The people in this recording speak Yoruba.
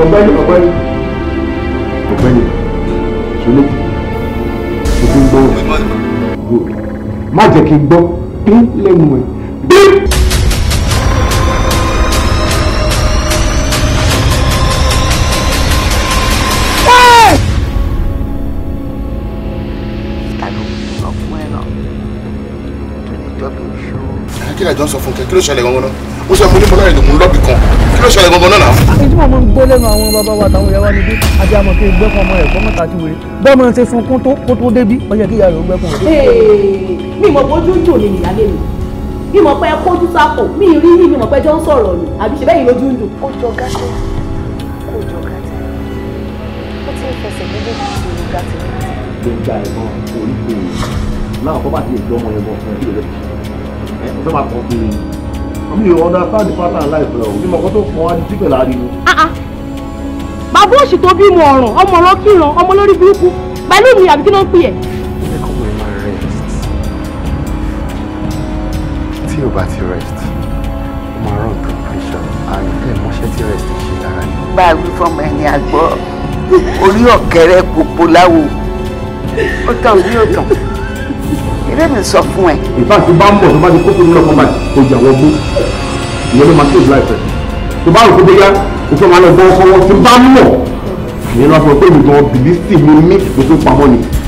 ọ̀gbẹ́ni ọ̀gbẹ́ni ọ̀gbẹ́ni sọlẹbi o ti ń gbọ́ má jẹ́ kí n gbọ́ bí lẹ́nu ẹ bí. Thank you kí lè jọ sọ fún kẹ kí ló ṣẹlẹ̀ gangan náà ó sọ mo ní mo láyè mo ń lọ́bì kan kí ló ṣẹlẹ̀ gangan náà. àfihàn tí mo mọ gbọ́ lẹ́nu àwọn bàbá wa àtàwọn ìyá wa níbí àti àmọ̀ kí gbẹ́kun ọmọ ẹ̀kọ́ mọ́ta ti wèrè bẹ́ẹ̀ mo ṣe fún kó tó débí ó kí ìyá rẹ̀ ó gbẹ́kun. mi mọ̀ bójú jò ní ìyálé mi mi mọ̀ pé kójú sápò mi rí mi mi mọ̀ pé jọ ń sọ̀rọ̀ ti ń fẹsẹ̀ méjèèjì sí i gàtẹ́. gbẹ̀ngà ẹ̀gbọ́n lè dánmọ́ ẹ̀gbọ́n ọ̀sẹ̀ máa kàn fún mi mi ò understand the pattern life rẹ o bí mo kọ́ tó fún wa ní sípè láàrin. bàbá òṣì tó bímọ ọ̀ràn ọmọ ọ̀ràn kíran ọmọ lórí burúkú pẹ̀lú mi àbí kí ló ń pè ẹ́. tí o bá ti rest o máa rán nǹkan pressure and ẹ mọṣẹ́ tí rest ṣe lára ni. bá a wí fọmọ ẹni àgbọ̀ orí ọ̀kẹ́rẹ́ kòpó láwo ó tàn bí ó tàn eré mi sọ fún ẹ. ìfà tí bá ń bọ̀ tó bá ti kó fún mi lọ́kàn báyìí kò jà wọ́n bú ìyẹn ló máa tó ìlà ìfẹ́ tó bá rò pé bóyá o fẹ́ máa lọ gbọ́ ọkọ wọn tí bá ń mọ̀ ìyẹn lọ́sọ̀ pé mi gan bìlísì mi mí ìgbésó ni